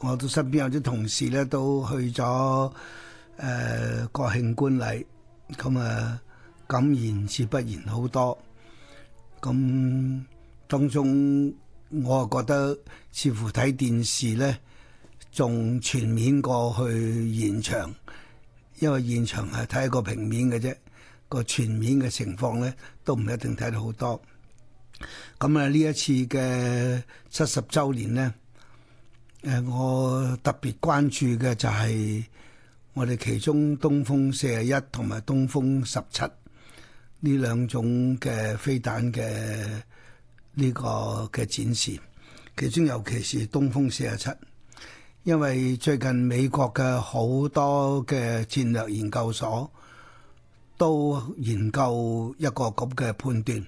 我都身邊有啲同事咧，都去咗誒、呃、國慶觀禮，咁啊感言是不言好多。咁、嗯、當中我啊覺得，似乎睇電視咧，仲全面過去現場，因為現場係睇一個平面嘅啫，個全面嘅情況咧，都唔一定睇到好多。咁啊呢一次嘅七十週年咧。誒，我特別關注嘅就係我哋其中東風四十一同埋東風十七呢兩種嘅飛彈嘅呢個嘅展示，其中尤其是東風四十七，因為最近美國嘅好多嘅戰略研究所都研究一個咁嘅判斷，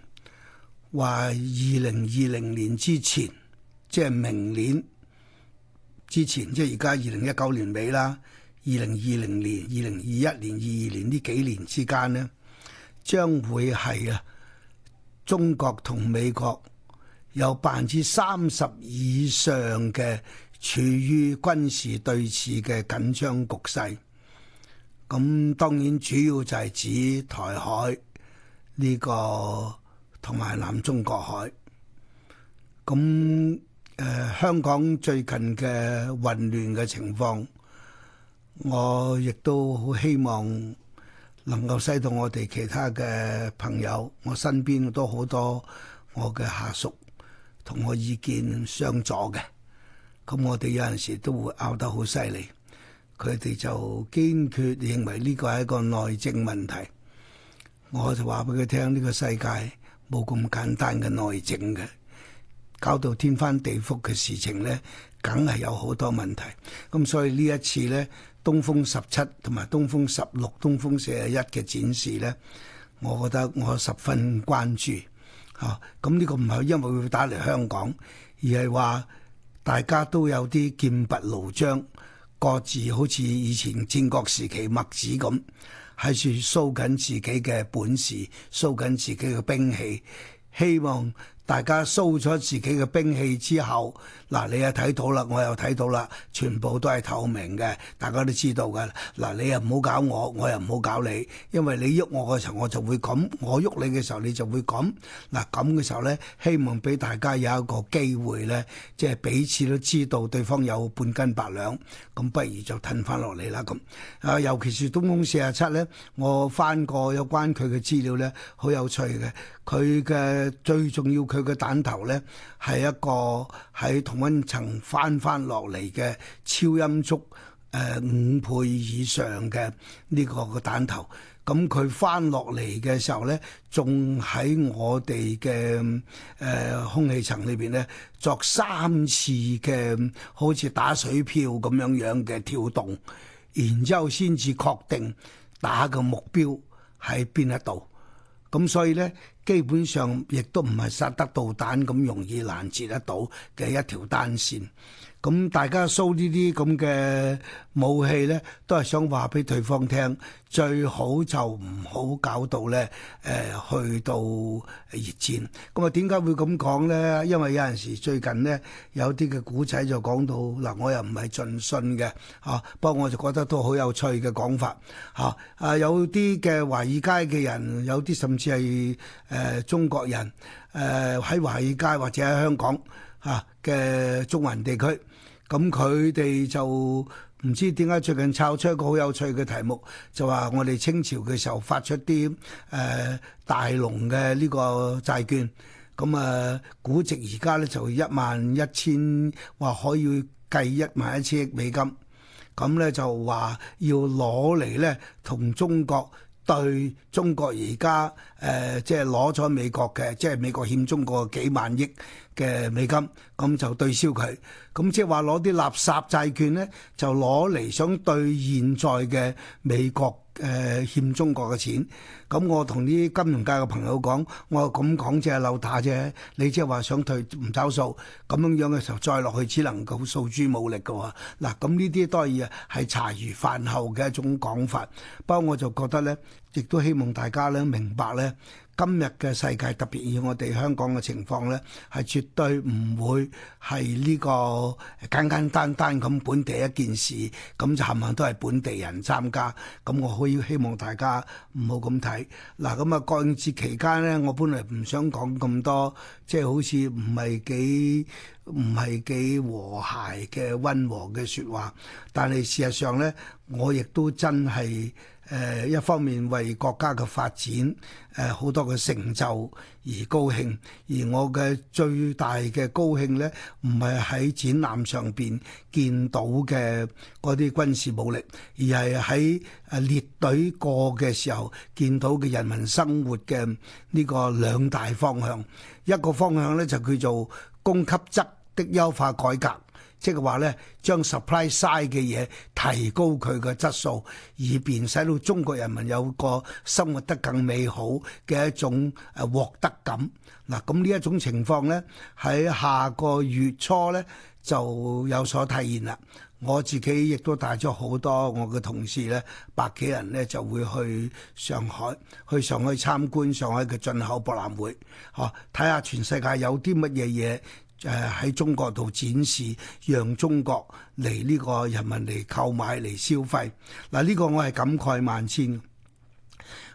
話二零二零年之前，即係明年。之前即係而家二零一九年尾啦，二零二零年、二零二一年、二二年呢幾年之間呢，將會係啊中國同美國有百分之三十以上嘅處於軍事對峙嘅緊張局勢。咁當然主要就係指台海，呢個同埋南中國海。咁誒、呃，香港最近嘅混亂嘅情況，我亦都好希望能夠使到我哋其他嘅朋友，我身邊都好多我嘅下屬同我意見相左嘅，咁、嗯、我哋有陣時都會拗得好犀利，佢哋就堅決認為呢個係一個內政問題，我就話俾佢聽，呢個世界冇咁簡單嘅內政嘅。搞到天翻地覆嘅事情呢，梗係有好多問題。咁所以呢一次呢東風十七同埋東風十六、東風四十一嘅展示呢，我覺得我十分關注。嚇、啊、咁、嗯、呢、這個唔係因為會打嚟香港，而係話大家都有啲劍拔弩張，各自好似以前戰國時期墨子咁，喺處收緊自己嘅本事，收緊自己嘅兵器，希望。大家 show 咗自己嘅兵器之後，嗱，你又睇到啦，我又睇到啦，全部都係透明嘅，大家都知道嘅。嗱，你又唔好搞我，我又唔好搞你，因為你喐我嘅時候，我就會咁；我喐你嘅時候，你就會咁。嗱，咁嘅時候咧，希望俾大家有一個機會咧，即係彼此都知道對方有半斤八兩，咁不如就褪翻落嚟啦。咁啊，尤其是東風四啊七咧，我翻過有關佢嘅資料咧，好有趣嘅。佢嘅最重要。佢個彈頭咧，係一個喺同温層翻翻落嚟嘅超音速誒、呃、五倍以上嘅呢個個彈頭，咁、嗯、佢翻落嚟嘅時候咧，仲喺我哋嘅誒空氣層裏邊咧，作三次嘅好似打水漂咁樣樣嘅跳動，然之後先至確定打嘅目標喺邊一度。咁所以咧，基本上亦都唔係薩德導彈咁容易攔截得到嘅一條單線。咁大家 show 呢啲咁嘅武器咧，都係想話俾對方聽，最好就唔好搞到咧誒、呃、去到熱戰，咁啊，點解會咁講咧？因為有陣時最近咧，有啲嘅故仔就講到嗱，我又唔係盡信嘅吓、啊，不過我就覺得都好有趣嘅講法吓啊，有啲嘅華爾街嘅人，有啲甚至係誒、呃、中國人誒，喺華爾街或者喺香港吓嘅、啊、中環地區。咁佢哋就唔知點解最近炒出一個好有趣嘅題目，就話我哋清朝嘅時候發出啲誒、呃、大龍嘅呢個債券，咁啊估值而家咧就一萬一千，話可以計一萬一千億美金，咁咧就話要攞嚟咧同中國對中國而家誒即係攞咗美國嘅，即係美國欠中國幾萬億嘅美金，咁就對消佢，咁即係話攞啲垃圾債券咧，就攞嚟想兌現在嘅美國誒、呃、欠中國嘅錢，咁我同啲金融界嘅朋友講，我咁講只係漏打啫，你即係話想退唔找數，咁樣樣嘅時候再落去，只能夠訴諸武力嘅喎。嗱，咁呢啲都係嘢係茶餘飯後嘅一種講法，不過我就覺得咧。亦都希望大家咧明白咧，今日嘅世界特別以我哋香港嘅情況咧，係絕對唔會係呢個簡簡單單咁本地一件事，咁就冚唪唥都係本地人參加。咁我可以希望大家唔好咁睇。嗱，咁啊國慶節期間咧，我本來唔想講咁多，即係好似唔係幾唔係幾和諧嘅溫和嘅說話，但係事實上咧，我亦都真係。誒、呃、一方面為國家嘅發展，誒、呃、好多嘅成就而高興，而我嘅最大嘅高興呢，唔係喺展覽上邊見到嘅嗰啲軍事武力，而係喺誒列隊過嘅時候見到嘅人民生活嘅呢個兩大方向。一個方向呢，就叫做供給側的優化改革。即係話咧，將 supply side 嘅嘢提高佢嘅質素，以便使到中國人民有個生活得更美好嘅一種誒獲得感。嗱、啊，咁呢一種情況咧，喺下個月初咧就有所體現啦。我自己亦都帶咗好多我嘅同事咧，百幾人咧就會去上海，去上海參觀上海嘅進口博覽會，嚇睇下全世界有啲乜嘢嘢。誒喺中國度展示，讓中國嚟呢個人民嚟購買嚟消費。嗱，呢個我係感慨萬千。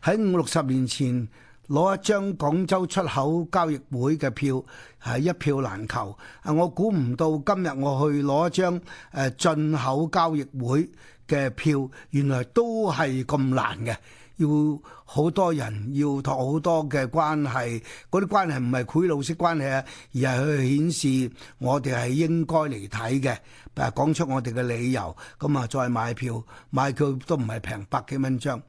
喺五六十年前攞一張廣州出口交易會嘅票係一票難求，啊，我估唔到今日我去攞一張誒進口交易會嘅票，原來都係咁難嘅。要好多人，要託好多嘅關係。嗰啲關係唔係賄賂式關係啊，而係去顯示我哋係應該嚟睇嘅，誒，講出我哋嘅理由，咁啊再買票買票都唔係平百幾蚊張。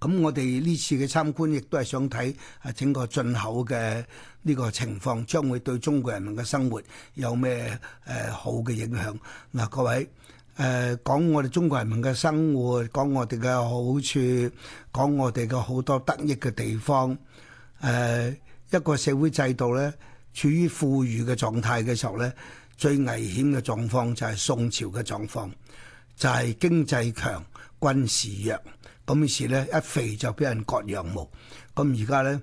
咁我哋呢次嘅參觀亦都係想睇啊整個進口嘅呢個情況將會對中國人民嘅生活有咩誒好嘅影響？嗱，各位。誒、呃、講我哋中國人民嘅生活，講我哋嘅好處，講我哋嘅好多得益嘅地方。誒、呃、一個社會制度咧，處於富裕嘅狀態嘅時候咧，最危險嘅狀況就係宋朝嘅狀況，就係、是、經濟強軍事弱，咁於時咧一肥就俾人割羊毛。咁而家咧，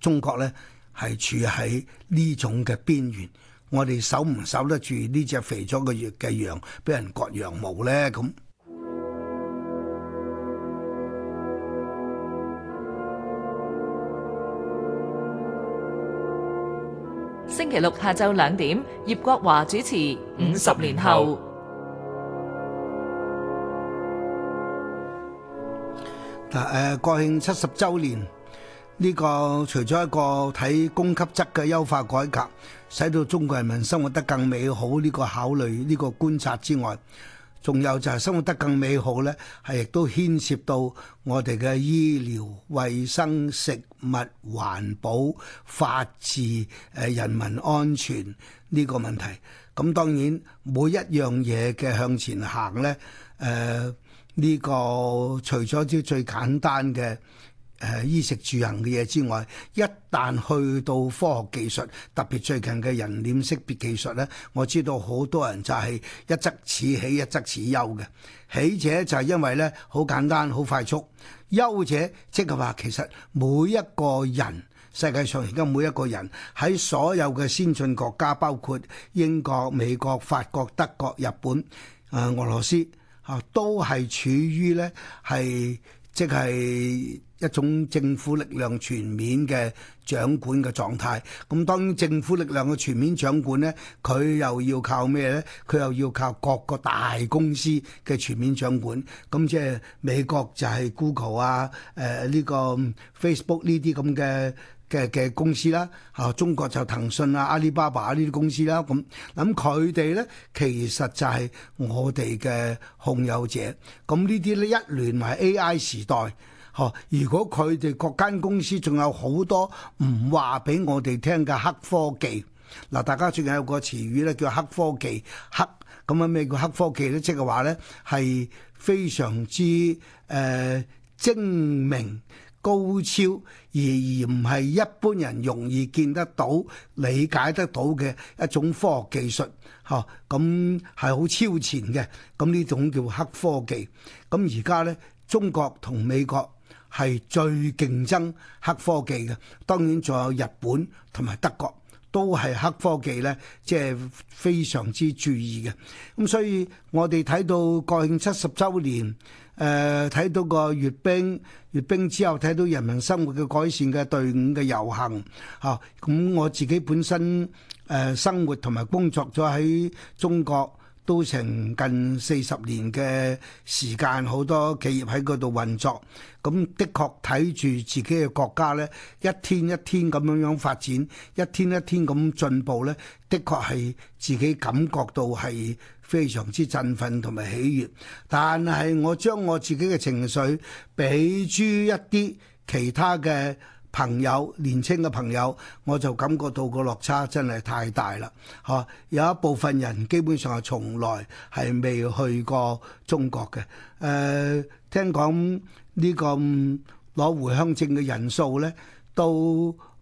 中國咧係處喺呢種嘅邊緣。我哋守唔守得住呢隻肥咗嘅嘅羊，俾人割羊毛咧？咁星期六下晝兩點，葉國華主持《五十年後》。嗱，誒，國慶七十周年。呢個除咗一個睇供給側嘅優化改革，使到中國人民生活得更美好呢個考慮、呢個觀察之外，仲有就係生活得更美好呢係亦都牽涉到我哋嘅醫療、衞生、食物、環保、法治、誒人民安全呢個問題。咁當然每一樣嘢嘅向前行呢，誒、呃、呢個除咗啲最簡單嘅。誒衣食住行嘅嘢之外，一旦去到科學技術，特別最近嘅人臉識別技術咧，我知道好多人就係一則此喜，一則此憂嘅。喜者就係因為咧，好簡單，好快速；憂者即係話，其實每一個人，世界上而家每一個人喺所有嘅先進國家，包括英國、美國、法國、德國、日本、誒、呃、俄羅斯啊，都係處於咧，係即係。一種政府力量全面嘅掌管嘅狀態。咁當政府力量嘅全面掌管呢，佢又要靠咩呢？佢又要靠各個大公司嘅全面掌管。咁即係美國就係 Google 啊，誒、呃、呢個 Facebook 呢啲咁嘅嘅嘅公司啦。嚇、啊，中國就騰訊啊、阿里巴巴呢啲公司啦。咁咁佢哋呢，其實就係我哋嘅控有者。咁呢啲咧一聯埋 A.I. 時代。哦！如果佢哋各間公司仲有好多唔話俾我哋聽嘅黑科技，嗱，大家最近有個詞語咧叫黑科技，黑咁樣咩叫黑科技咧？即係話咧係非常之誒、呃、精明高超，而而唔係一般人容易見得到、理解得到嘅一種科學技術。哦，咁係好超前嘅，咁呢種叫黑科技。咁而家咧，中國同美國。係最競爭黑科技嘅，當然仲有日本同埋德國都係黑科技呢，即、就、係、是、非常之注意嘅。咁所以我哋睇到國慶七十週年，誒、呃、睇到個閱兵，閱兵之後睇到人民生活嘅改善嘅隊伍嘅遊行，嚇、哦、咁我自己本身誒、呃、生活同埋工作咗喺中國。都成近四十年嘅時間，好多企業喺嗰度運作，咁的確睇住自己嘅國家呢，一天一天咁樣樣發展，一天一天咁進步呢，的確係自己感覺到係非常之振奮同埋喜悅。但係我將我自己嘅情緒俾諸一啲其他嘅。朋友，年青嘅朋友，我就感覺到個落差真係太大啦。嚇，有一部分人基本上係從來係未去過中國嘅。誒、呃，聽講呢、呢個攞回鄉證嘅人數呢，都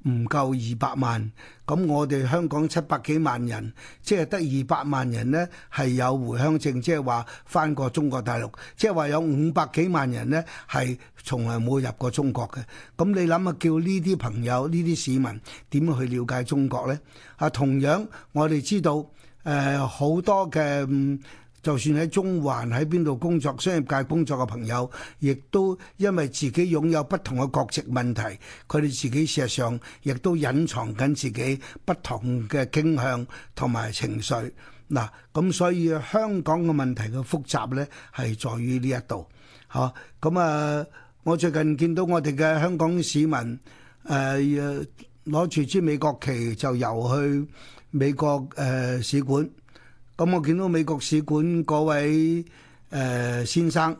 唔夠二百萬。咁我哋香港七百幾萬人，即係得二百萬人呢，係有回鄉證，即係話返過中國大陸，即係話有五百幾萬人呢，係。從來冇入過中國嘅，咁你諗下，叫呢啲朋友，呢啲市民點樣去了解中國呢？啊，同樣我哋知道，誒，好多嘅，就算喺中環喺邊度工作，商業界工作嘅朋友，亦都因為自己擁有不同嘅國籍問題，佢哋自己事實上亦都隱藏緊自己不同嘅傾向同埋情緒。嗱，咁所以香港嘅問題嘅複雜呢，係在於呢一度。吓，咁啊。我最近見到我哋嘅香港市民，誒攞住支美國旗就遊去美國誒、呃、使館，咁、嗯、我見到美國使館嗰位誒、呃、先生，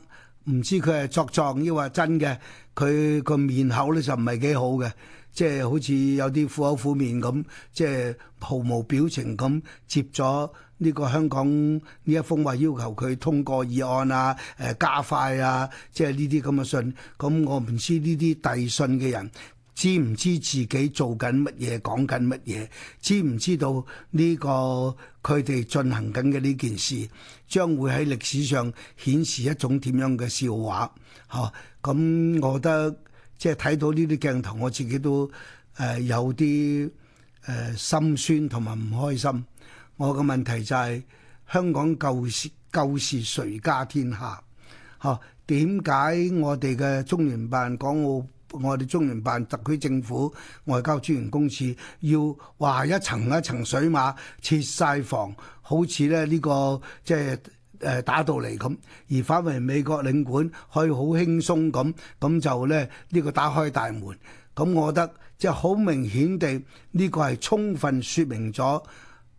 唔知佢係作狀抑或真嘅，佢個面口咧就唔係幾好嘅，即、就、係、是、好似有啲苦口苦面咁，即、就、係、是、毫無表情咁接咗。呢個香港呢一封話要求佢通過議案啊、誒、呃、加快啊，即係呢啲咁嘅信。咁、嗯、我唔知呢啲遞信嘅人知唔知自己做緊乜嘢、講緊乜嘢，知唔知道呢、這個佢哋進行緊嘅呢件事將會喺歷史上顯示一種點樣嘅笑話？嚇、哦！咁、嗯、我覺得即係睇到呢啲鏡頭，我自己都誒、呃、有啲誒、呃、心酸同埋唔開心。我嘅問題就係、是、香港舊時舊時誰家天下？嚇，點解我哋嘅中聯辦、港澳我哋中聯辦、特區政府、外交專員公署要話一層一層水馬設晒防，好似咧呢、呢個即係誒打到嚟咁，而反為美國領館可以好輕鬆咁咁就咧呢、呢個打開大門咁，我覺得即係好明顯地呢、呢個係充分説明咗。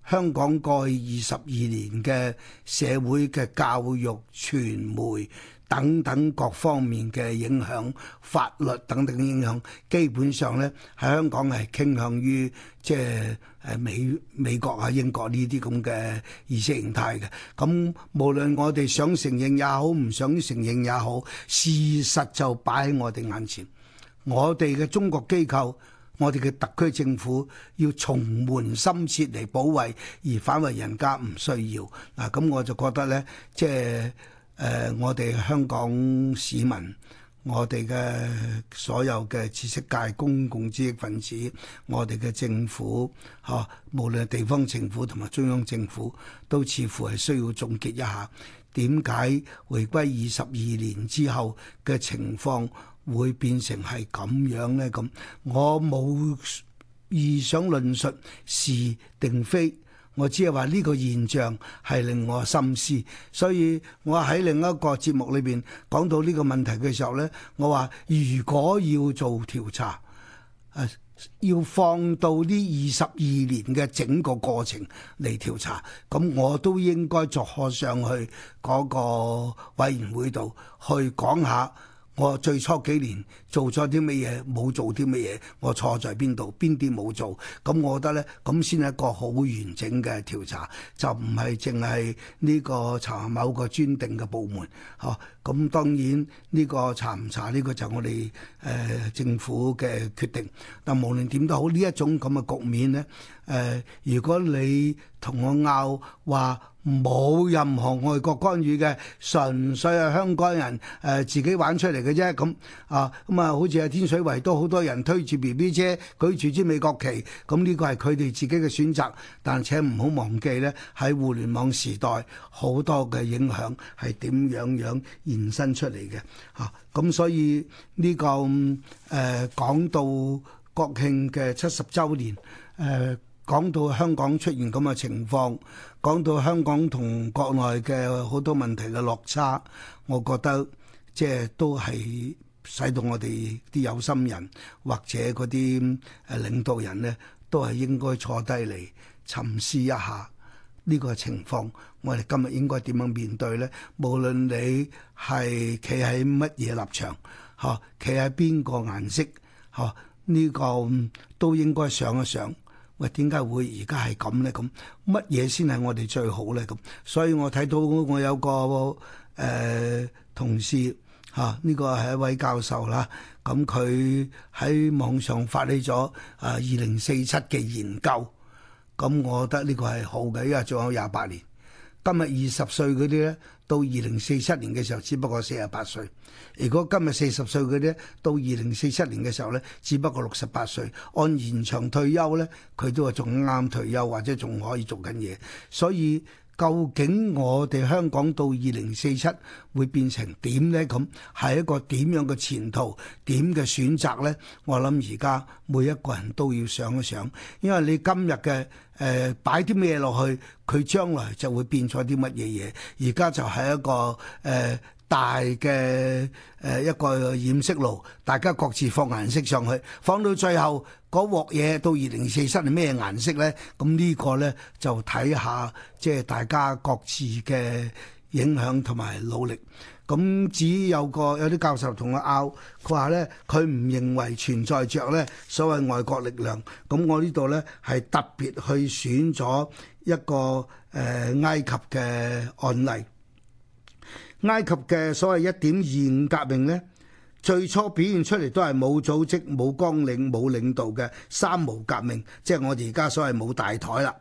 香港過去二十二年嘅社會嘅教育、傳媒等等各方面嘅影響、法律等等嘅影響，基本上咧喺香港係傾向於即係誒美美國啊、英國呢啲咁嘅意識形態嘅。咁無論我哋想承認也好，唔想承認也好，事實就擺喺我哋眼前。我哋嘅中國機構，我哋嘅特區政府要重門深切嚟保衞，而反為人家唔需要嗱，咁我就覺得咧，即係誒我哋香港市民，我哋嘅所有嘅知識界、公共知識分子，我哋嘅政府嚇、啊，無論地方政府同埋中央政府，都似乎係需要總結一下點解回歸二十二年之後嘅情況。會變成係咁樣呢？咁我冇意想論述是定非，我只係話呢個現象係令我深思。所以我喺另一個節目裏邊講到呢個問題嘅時候呢，我話如果要做調查，誒，要放到呢二十二年嘅整個過程嚟調查，咁我都應該作課上去嗰個委員會度去講下。我最初幾年做咗啲乜嘢，冇做啲乜嘢，我錯在邊度？邊啲冇做？咁我覺得咧，咁先係一個好完整嘅調查，就唔係淨係呢個查某個專定嘅部門。嗬，咁當然呢個查唔查呢個就我哋誒、呃、政府嘅決定。但無論點都好，呢一種咁嘅局面咧。誒，如果你同我拗話冇任何外國干預嘅，純粹係香港人誒自己玩出嚟嘅啫，咁啊咁啊，好似喺天水圍都好多人推住 B B 車，舉住支美國旗，咁呢個係佢哋自己嘅選擇。但請唔好忘記呢，喺互聯網時代，好多嘅影響係點樣樣延伸出嚟嘅嚇。咁所以呢、呢個誒、呃、講到國慶嘅七十週年誒。呃講到香港出現咁嘅情況，講到香港同國內嘅好多問題嘅落差，我覺得即係都係使到我哋啲有心人或者嗰啲領導人呢，都係應該坐低嚟沉思一下呢個情況。我哋今日應該點樣面對呢？無論你係企喺乜嘢立場，嚇企喺邊個顏色，嚇、這、呢個都應該想一想。喂，點解會而家係咁咧？咁乜嘢先係我哋最好咧？咁所以我睇到我有個誒、呃、同事嚇，呢個係一位教授啦。咁佢喺網上發起咗啊二零四七嘅研究。咁、啊、我覺得呢個係好嘅，因為仲有廿八年。今日二十歲嗰啲咧。到二零四七年嘅時候，只不過四十八歲。如果今日四十歲嗰啲，到二零四七年嘅時候呢，只不過六十八歲。按延長退休呢，佢都係仲啱退休，或者仲可以做緊嘢。所以。究竟我哋香港到二零四七會變成點呢？咁係一個點樣嘅前途，點嘅選擇呢？我諗而家每一個人都要想一想，因為你今日嘅誒擺啲咩落去，佢將來就會變咗啲乜嘢嘢。而家就係一個誒，呃大嘅誒一個染色爐，大家各自放顏色上去，放到最後嗰鑊嘢到二零四七年係咩顏色咧？咁呢個咧就睇下即係大家各自嘅影響同埋努力。咁至於有個有啲教授同我拗，佢話咧佢唔認為存在著咧所謂外國力量。咁我呢度咧係特別去選咗一個誒埃及嘅案例。埃及嘅所謂一點二五革命呢，最初表現出嚟都係冇組織、冇綱領、冇領導嘅三無革命，即係我哋而家所謂冇大台啦。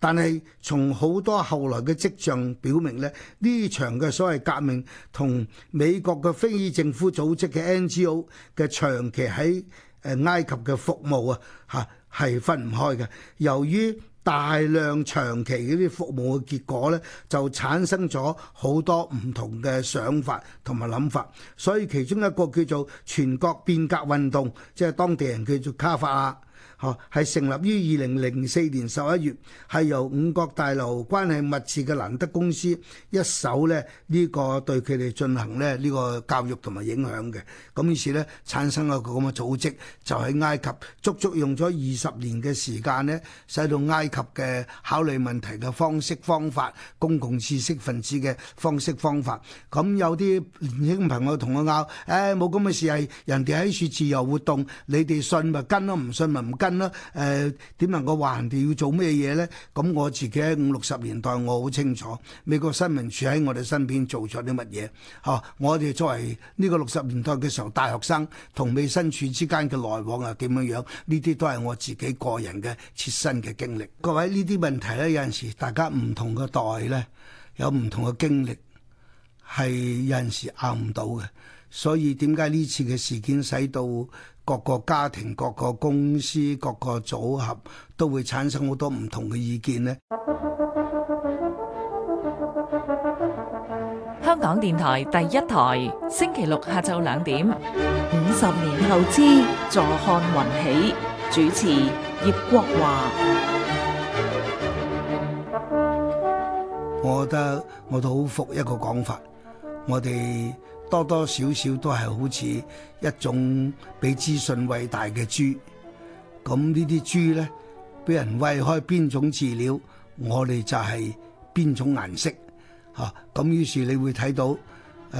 但係從好多後來嘅跡象表明咧，呢場嘅所謂革命同美國嘅非政府組織嘅 NGO 嘅長期喺誒埃及嘅服務啊，嚇係分唔開嘅。由於大量長期嗰啲服務嘅結果呢，就產生咗好多唔同嘅想法同埋諗法，所以其中一個叫做全國變革運動，即係當地人叫做卡法亞。嚇，係成立於二零零四年十一月，係由五角大樓關係密切嘅蘭德公司一手咧呢個對佢哋進行咧呢個教育同埋影響嘅。咁於是咧產生咗個咁嘅組織，就喺埃及足足用咗二十年嘅時間咧，使到埃及嘅考慮問題嘅方式方法，公共知識分子嘅方式方法。咁有啲年輕朋友同我拗，誒，冇咁嘅事係人哋喺處自由活動，你哋信咪跟咯，唔信咪唔跟。不啦，誒點能夠話人哋要做咩嘢咧？咁我自己喺五六十年代，我好清楚美國新聞處喺我哋身邊做咗啲乜嘢。嚇，我哋作為呢個六十年代嘅時候，大學生同美新處之間嘅來往又點樣樣？呢啲都係我自己個人嘅切身嘅經歷。各位呢啲問題咧，有陣時大家唔同嘅代咧，有唔同嘅經歷，係有陣時拗唔到嘅。所以點解呢次嘅事件使到各個家庭、各個公司、各個組合都會產生好多唔同嘅意見呢？香港電台第一台，星期六下晝兩點，五十年後之，坐看雲起，主持葉國華。我覺得我都好服一個講法，我哋。多多少少都係好似一種俾資訊餵大嘅豬，咁呢啲豬呢，俾人餵開邊種飼料，我哋就係邊種顏色，嚇、啊。咁於是你會睇到誒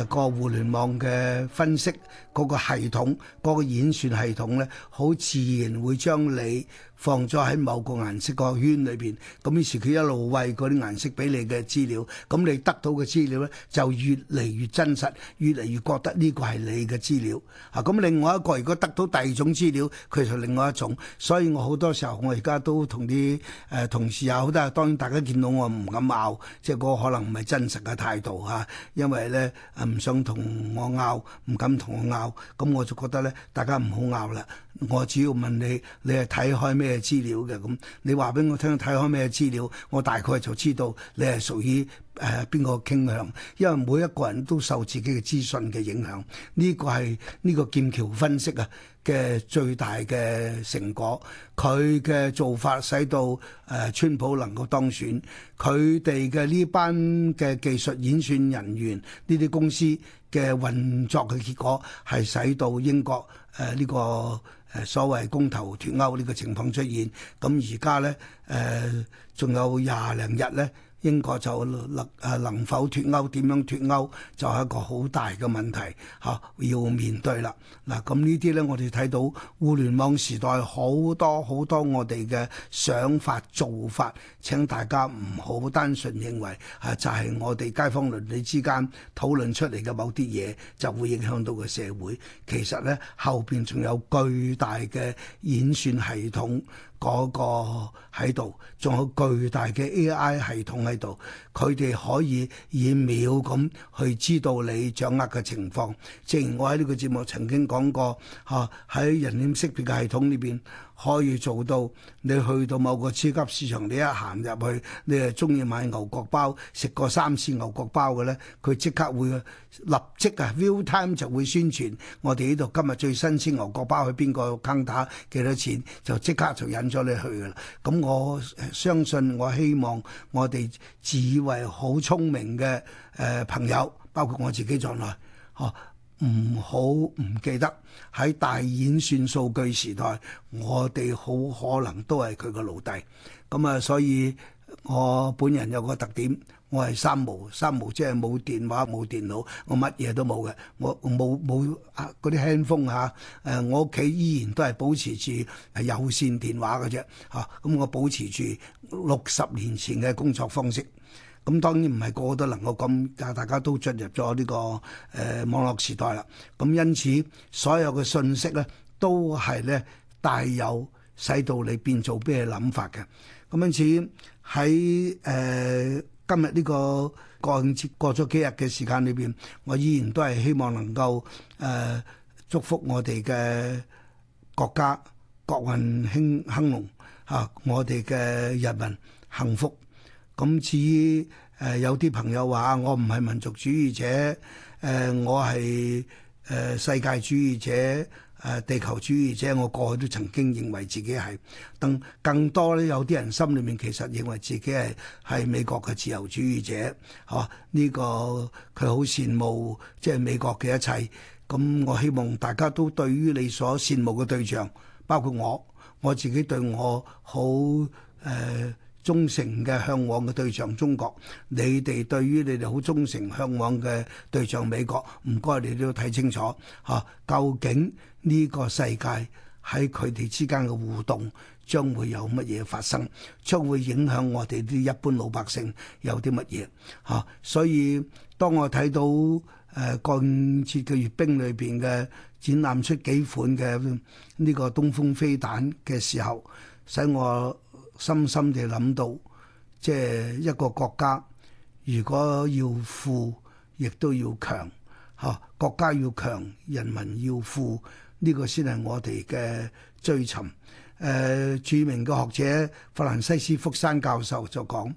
個、啊、互聯網嘅分析。嗰個系統嗰、那個演算系統咧，好自然會將你放咗喺某個顏色個圈裏邊，咁於是佢一路喂嗰啲顏色俾你嘅資料，咁你得到嘅資料咧就越嚟越真實，越嚟越覺得呢個係你嘅資料。啊，咁另外一個如果得到第二種資料，佢就另外一種，所以我好多時候，我而家都同啲誒同事啊，好多當然大家見到我唔敢拗，即、就、係、是、個可能唔係真實嘅態度嚇、啊，因為咧唔想同我拗，唔敢同我拗。咁我就覺得咧，大家唔好拗啦。我主要問你，你係睇開咩資料嘅？咁你話俾我聽睇開咩資料，我大概就知道你係屬於。誒邊、呃、個傾向？因為每一個人都受自己嘅資訊嘅影響，呢、這個係呢、這個劍橋分析啊嘅最大嘅成果。佢嘅做法使到誒、呃、川普能夠當選。佢哋嘅呢班嘅技術演算人員，呢啲公司嘅運作嘅結果，係使到英國誒呢、呃這個誒所謂公投脱歐呢個情況出現。咁而家咧誒，仲、呃、有廿零日咧。英國就能誒能否脱歐？點樣脱歐？就係一個好大嘅問題，嚇要面對啦。嗱，咁呢啲呢，我哋睇到互聯網時代好多好多我哋嘅想法做法。請大家唔好單純認為係就係我哋街坊鄰里之間討論出嚟嘅某啲嘢，就會影響到個社會。其實呢，後邊仲有巨大嘅演算系統。嗰個喺度，仲有巨大嘅 AI 系統喺度，佢哋可以以秒咁去知道你掌握嘅情況。正如我喺呢個節目曾經講過，吓，喺人臉識別嘅系統裏邊。可以做到，你去到某個超級市場，你一行入去，你係中意買牛角包，食過三次牛角包嘅咧，佢即刻會立即啊 view time 就會宣傳我哋呢度今日最新鮮牛角包去邊個坑打幾多錢，就即刻就引咗你去噶啦。咁我相信，我希望我哋自以為好聰明嘅誒朋友，包括我自己在內，嚇。唔好唔記得喺大演算數據時代，我哋好可能都係佢個奴隸。咁、嗯、啊，所以我本人有個特點，我係三無，三無即係冇電話、冇電腦，我乜嘢都冇嘅。我冇冇啊嗰啲輕風嚇誒，我屋企依然都係保持住係有線電話嘅啫嚇。咁、啊嗯、我保持住六十年前嘅工作方式。咁當然唔係個個都能夠咁，但係大家都進入咗呢個誒網絡時代啦。咁因此，所有嘅信息咧，都係咧帶有使到你變做咩諗法嘅。咁因此喺誒今日呢個國慶節過咗幾日嘅時間裏邊，我依然都係希望能夠誒祝福我哋嘅國家國運興亨隆啊！我哋嘅人民幸福。咁至於誒、呃、有啲朋友話我唔係民族主義者，誒、呃、我係誒、呃、世界主義者，誒、呃、地球主義者，我過去都曾經認為自己係。更更多咧，有啲人心裏面其實認為自己係係美國嘅自由主義者，嚇、啊、呢、呢個佢好羨慕即係美國嘅一切。咁我希望大家都對於你所羨慕嘅對象，包括我，我自己對我好誒。呃忠誠嘅向往嘅對象中國，你哋對於你哋好忠誠、向往嘅對象美國，唔該，你都要睇清楚嚇、啊。究竟呢個世界喺佢哋之間嘅互動，將會有乜嘢發生？將會影響我哋啲一般老百姓有啲乜嘢嚇？所以當我睇到誒國慶節嘅閱兵裏邊嘅展覽出幾款嘅呢個東風飛彈嘅時候，使我深深地諗到，即係一個國家，如果要富，亦都要強，吓、啊、國家要強，人民要富，呢個先係我哋嘅追尋。誒、呃，著名嘅學者法蘭西斯福山教授就講，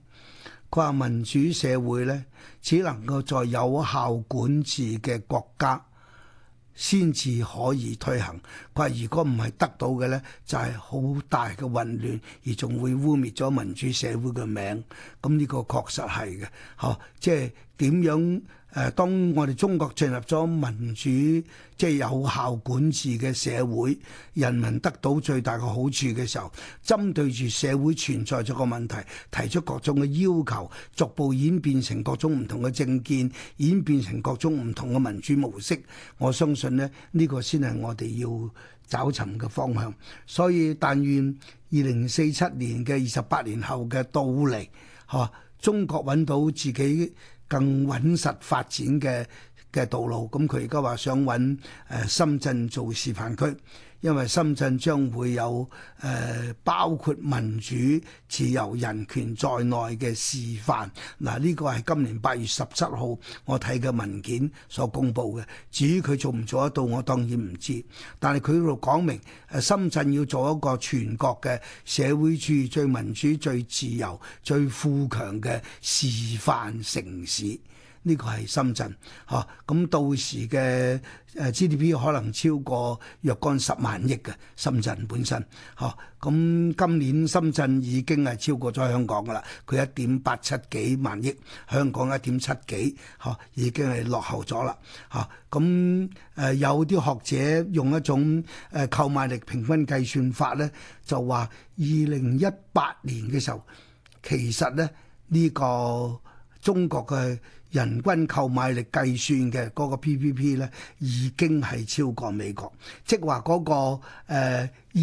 佢話民主社會咧，只能夠在有效管治嘅國家。先至可以推行。佢話，如果唔係得到嘅咧，就係好大嘅混亂，而仲會污蔑咗民主社會嘅名。咁呢個確實係嘅，嚇，即係點樣？誒，當我哋中國進入咗民主，即係有效管治嘅社會，人民得到最大嘅好處嘅時候，針對住社會存在咗個問題，提出各種嘅要求，逐步演變成各種唔同嘅政見，演變成各種唔同嘅民主模式。我相信呢，呢個先係我哋要找尋嘅方向。所以，但願二零四七年嘅二十八年後嘅到嚟，嚇中國揾到自己。更穩實發展嘅嘅道路，咁佢而家話想搵誒深圳做示範區。因為深圳將會有誒、呃，包括民主、自由、人權在內嘅示範。嗱、呃，呢、這個係今年八月十七號我睇嘅文件所公布嘅。至於佢做唔做得到，我當然唔知。但係佢喺度講明，誒、呃、深圳要做一個全國嘅社會主義最民主、最自由、最富強嘅示範城市。呢個係深圳嚇，咁到時嘅誒 G D P 可能超過若干十萬億嘅深圳本身嚇。咁今年深圳已經係超過咗香港噶啦，佢一點八七幾萬億，香港一點七幾嚇，已經係落後咗啦嚇。咁誒有啲學者用一種誒購買力平均計算法咧，就話二零一八年嘅時候，其實咧呢個中國嘅。人均購買力計算嘅嗰個、PP、P P P 呢，已經係超過美國，即係話嗰個誒、呃、現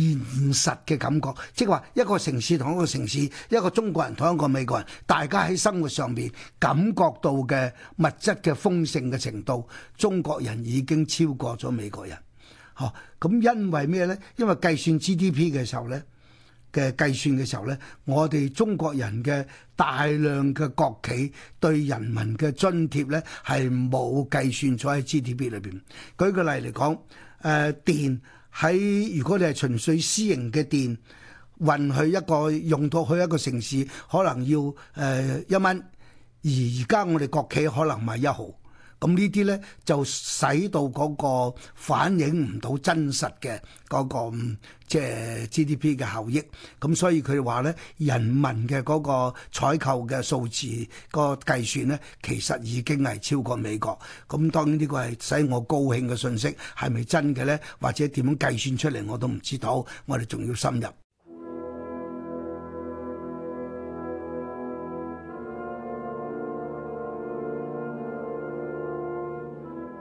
實嘅感覺，即係話一個城市同一個城市，一個中國人同一個美國人，大家喺生活上邊感覺到嘅物質嘅豐盛嘅程度，中國人已經超過咗美國人。嚇、啊、咁，因為咩呢？因為計算 G D P 嘅時候呢。嘅計算嘅時候咧，我哋中國人嘅大量嘅國企對人民嘅津貼咧，係冇計算咗喺 GDP 裏邊。舉個例嚟講，誒，電喺如果你係純粹私營嘅電運去一個用到去一個城市，可能要誒一蚊，而而家我哋國企可能係一毫。咁呢啲咧就使到嗰個反映唔到真實嘅嗰個即係 GDP 嘅效益。咁所以佢話咧，人民嘅嗰個採購嘅數字、個計算咧，其實已經係超過美國。咁當然呢個係使我高興嘅信息，係咪真嘅咧？或者點樣計算出嚟我都唔知道。我哋仲要深入。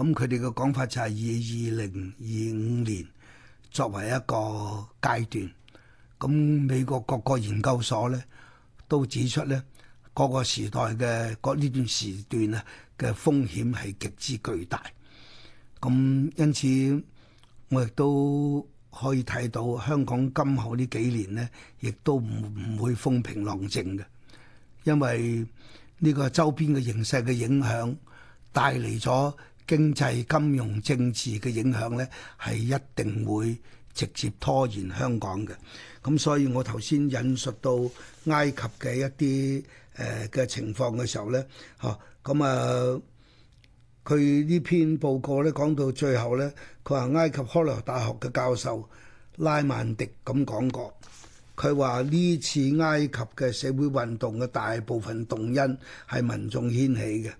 咁佢哋嘅講法就係以二零二五年作為一個階段。咁美國各個研究所咧都指出咧，各個時代嘅各呢段時段啊嘅風險係極之巨大。咁因此我亦都可以睇到香港今後呢幾年咧，亦都唔唔會風平浪靜嘅，因為呢個周邊嘅形勢嘅影響帶嚟咗。經濟、金融、政治嘅影響咧，係一定會直接拖延香港嘅。咁所以我頭先引述到埃及嘅一啲誒嘅情況嘅時候咧，嚇咁啊，佢呢篇報告咧講到最後咧，佢話埃及開羅大學嘅教授拉曼迪咁講過，佢話呢次埃及嘅社會運動嘅大部分動因係民眾掀起嘅，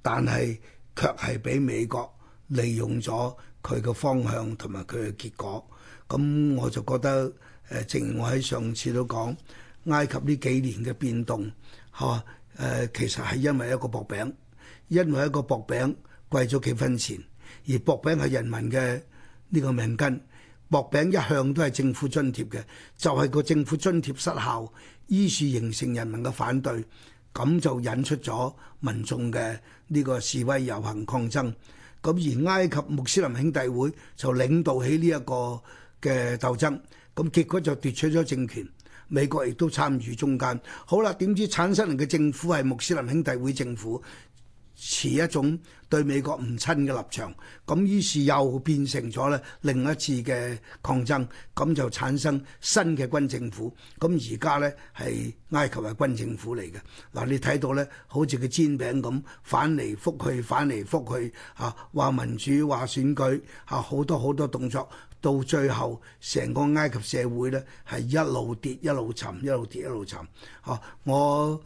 但係，卻係俾美國利用咗佢嘅方向同埋佢嘅結果，咁我就覺得誒，正如我喺上次都講，埃及呢幾年嘅變動嚇誒、啊呃，其實係因為一個薄餅，因為一個薄餅貴咗幾分錢，而薄餅係人民嘅呢個命根，薄餅一向都係政府津貼嘅，就係、是、個政府津貼失效，於是形成人民嘅反對。咁就引出咗民眾嘅呢個示威遊行抗爭，咁而埃及穆斯林兄弟會就領導起呢一個嘅鬥爭，咁結果就奪取咗政權，美國亦都參與中間。好啦，點知產生嚟嘅政府係穆斯林兄弟會政府，持一種對美國唔親嘅立場，咁於是又變成咗呢另一次嘅抗爭，咁就產生新嘅軍政府。咁而家呢係埃及係軍政府嚟嘅嗱，你睇到呢好似個煎餅咁反嚟覆去，反嚟覆去嚇話、啊、民主話選舉嚇好、啊、多好多動作，到最後成個埃及社會呢，係一路跌一路沉，一路跌一路沉。嚇、啊！我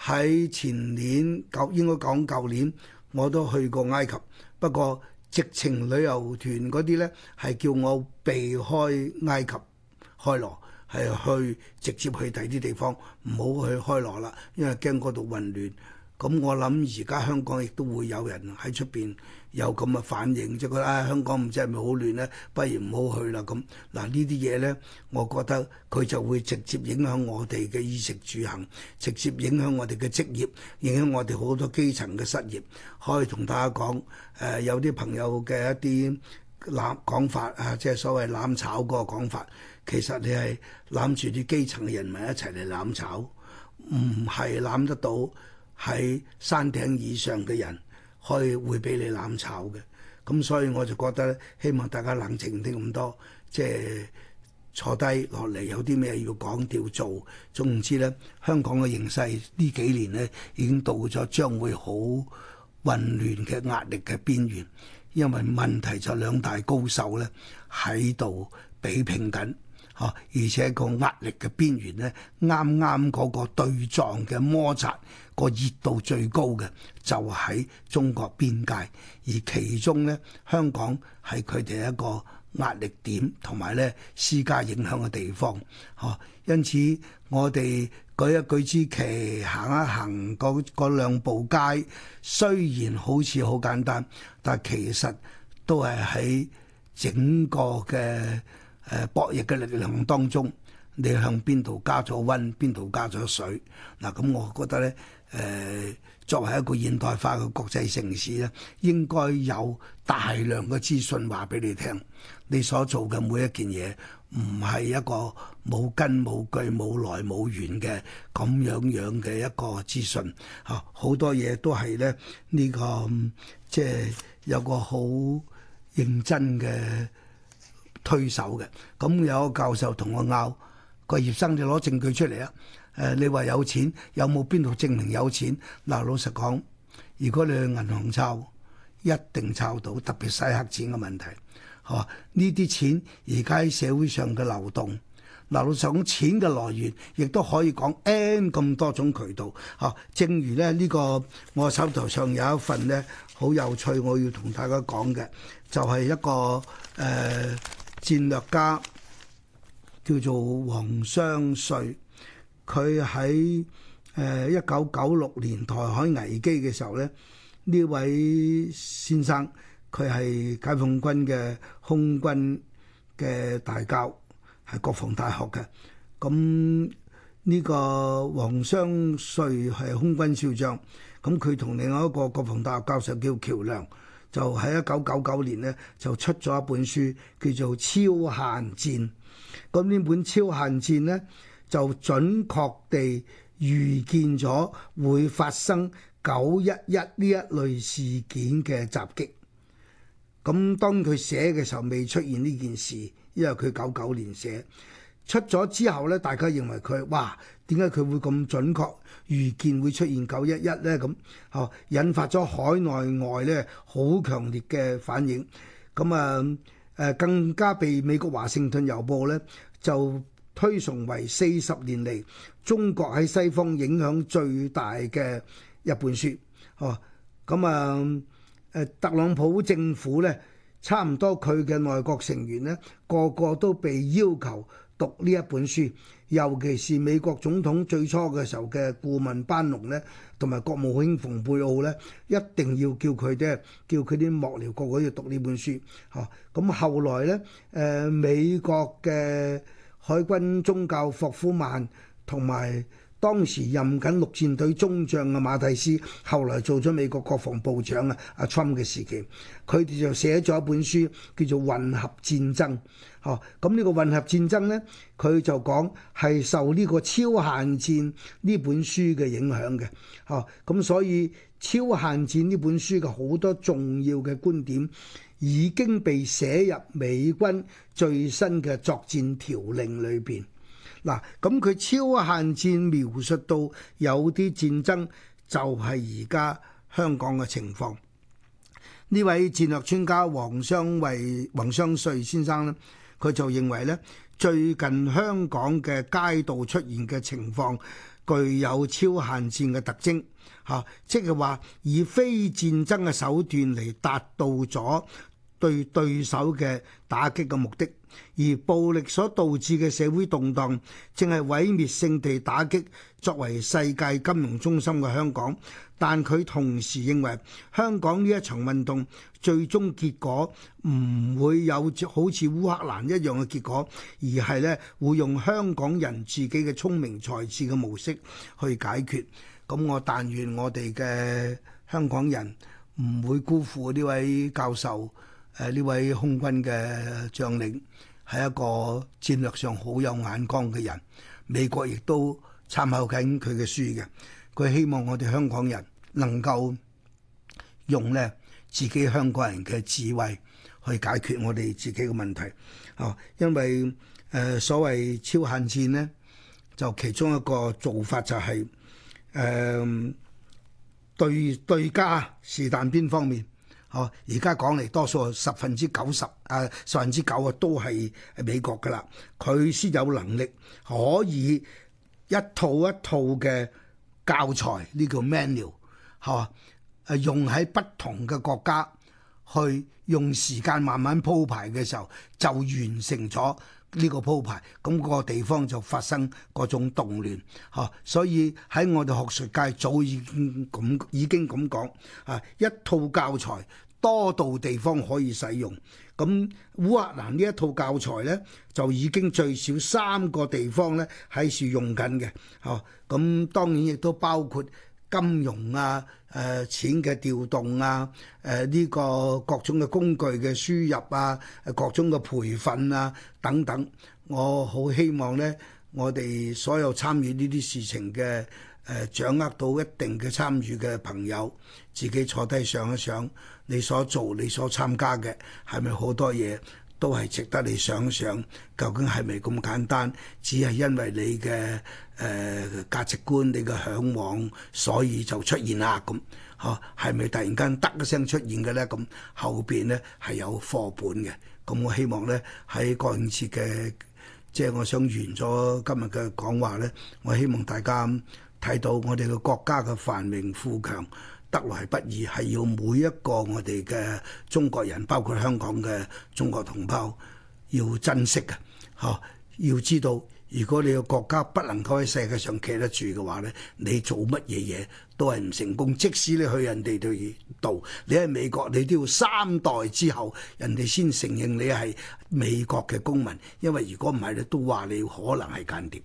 喺前年舊應該講舊年。我都去過埃及，不過直情旅遊團嗰啲呢係叫我避開埃及開羅，係去直接去第啲地方，唔好去開羅啦，因為驚嗰度混亂。咁我諗而家香港亦都會有人喺出邊。有咁嘅反應，就覺得、哎、香港唔知係咪好亂咧，不如唔好去啦咁。嗱呢啲嘢咧，我覺得佢就會直接影響我哋嘅衣食住行，直接影響我哋嘅職業，影響我哋好多基層嘅失業。可以同大家講，誒、呃、有啲朋友嘅一啲攬講法啊，即係所謂攬炒嗰個講法，其實你係攬住啲基層嘅人民一齊嚟攬炒，唔係攬得到喺山頂以上嘅人。可以會俾你攬炒嘅，咁所以我就覺得咧，希望大家冷靜啲咁多，即係坐低落嚟有啲咩要講、要做。總唔知咧，香港嘅形勢呢幾年咧已經到咗將會好混亂嘅壓力嘅邊緣，因為問題就兩大高手咧喺度比拼緊。嚇！而且個壓力嘅邊緣咧，啱啱嗰個對撞嘅摩擦，個熱度最高嘅就喺中國邊界，而其中咧香港係佢哋一個壓力點，同埋咧施加影響嘅地方。嚇！因此我哋舉一舉之旗，行一行嗰兩步街，雖然好似好簡單，但係其實都係喺整個嘅。誒博弈嘅力量當中，你向邊度加咗溫，邊度加咗水？嗱、啊，咁我覺得咧，誒、呃、作為一個現代化嘅國際城市咧，應該有大量嘅資訊話俾你聽。你所做嘅每一件嘢，唔係一個冇根冇據冇來冇源嘅咁樣樣嘅一個資訊。嚇、啊，好多嘢都係咧，呢、這個即係有個好認真嘅。推手嘅，咁、嗯、有個教授同我拗個葉生，就攞證據出嚟啊！誒、呃，你話有錢，有冇邊度證明有錢？嗱、呃，老實講，如果你去銀行摷，一定摷到，特別洗黑錢嘅問題，嚇，呢啲錢而家喺社會上嘅流動，嗱、啊，老實講，錢嘅來源亦都可以講 N 咁多種渠道，嚇、啊。正如咧呢、呢個我手頭上有一份呢，好有趣，我要同大家講嘅，就係、是、一個誒。呃戰略家叫做王雙瑞，佢喺誒一九九六年台海危機嘅時候咧，呢位先生佢係解放軍嘅空軍嘅大校，係國防大學嘅。咁呢個王雙瑞係空軍少將，咁佢同另外一個國防大學教授叫喬良。就喺一九九九年呢，就出咗一本書，叫做《超限戰》。咁呢本《超限戰》呢，就準確地預見咗會發生九一一呢一類事件嘅襲擊。咁當佢寫嘅時候，未出現呢件事，因為佢九九年寫。出咗之後呢，大家認為佢，哇，點解佢會咁準確預見會出現九一一呢？咁，哦，引發咗海內外呢，好強烈嘅反應。咁，啊，誒，更加被美國華盛頓郵報呢，就推崇為四十年嚟中國喺西方影響最大嘅一本書。哦，咁，啊，誒，特朗普政府呢，差唔多佢嘅內閣成員呢，個個都被要求。讀呢一本書，尤其是美國總統最初嘅時候嘅顧問班農咧，同埋國務卿蓬佩奧咧，一定要叫佢啲、叫佢啲幕僚個個要讀呢本書。嚇、哦，咁、嗯、後來咧，誒、呃、美國嘅海軍宗教霍夫曼同埋。當時任緊陸戰隊中將嘅馬蒂斯，後來做咗美國國防部長啊，阿 Trump 嘅時期，佢哋就寫咗一本書叫做《混合戰爭》。哦，咁呢個混合戰爭呢，佢就講係受呢個《超限戰》呢本書嘅影響嘅。哦，咁所以《超限戰》呢本書嘅好多重要嘅觀點，已經被寫入美軍最新嘅作戰條令裏邊。嗱，咁佢超限戰描述到有啲戰爭就係而家香港嘅情況。呢位戰略專家王湘衛、王湘穗先生咧，佢就認為咧，最近香港嘅街道出現嘅情況具有超限戰嘅特徵，嚇、啊，即係話以非戰爭嘅手段嚟達到咗。對，對對手嘅打擊嘅目的，而暴力所導致嘅社會動盪，正係毀滅性地打擊作為世界金融中心嘅香港。但佢同時認為，香港呢一場運動最終結果唔會有好似烏克蘭一樣嘅結果，而係呢會用香港人自己嘅聰明才智嘅模式去解決。咁我但願我哋嘅香港人唔會辜負呢位教授。誒，呢位空軍嘅將領係一個戰略上好有眼光嘅人，美國亦都參考緊佢嘅書嘅，佢希望我哋香港人能夠用咧自己香港人嘅智慧去解決我哋自己嘅問題。哦，因為誒、呃、所謂超限戰呢，就其中一個做法就係、是、誒、呃、對對家是但邊方面？而家講嚟，多數十分之九十，啊，十分之九啊，都係美國㗎啦。佢先有能力可以一套一套嘅教材，呢個 menu、啊、用喺不同嘅國家，去用時間慢慢鋪排嘅時候，就完成咗呢個鋪排。咁個地方就發生嗰種動亂，啊、所以喺我哋學術界早已經咁、嗯、已經咁講，啊，一套教材。多度地方可以使用，咁烏克蘭呢一套教材呢，就已經最少三個地方呢喺住用緊嘅，哦，咁當然亦都包括金融啊，誒、呃、錢嘅調動啊，誒、呃、呢、呢個各種嘅工具嘅輸入啊，各種嘅培訓啊等等，我好希望呢，我哋所有參與呢啲事情嘅。誒掌握到一定嘅參與嘅朋友，自己坐低想一想，你所做、你所參加嘅係咪好多嘢都係值得你想一想？究竟係咪咁簡單？只係因為你嘅誒價值觀、你嘅嚮往，所以就出現啦。咁吓係咪突然間得一聲出現嘅咧？咁後邊咧係有課本嘅。咁我希望咧喺國慶節嘅，即係我想完咗今日嘅講話咧，我希望大家。睇到我哋嘅國家嘅繁榮富強得來不易，係要每一個我哋嘅中國人，包括香港嘅中國同胞，要珍惜啊。嚇，要知道，如果你嘅國家不能夠喺世界上企得住嘅話咧，你做乜嘢嘢都係唔成功。即使你去人哋度，你喺美國你都要三代之後人哋先承認你係美國嘅公民。因為如果唔係咧，都話你可能係間諜。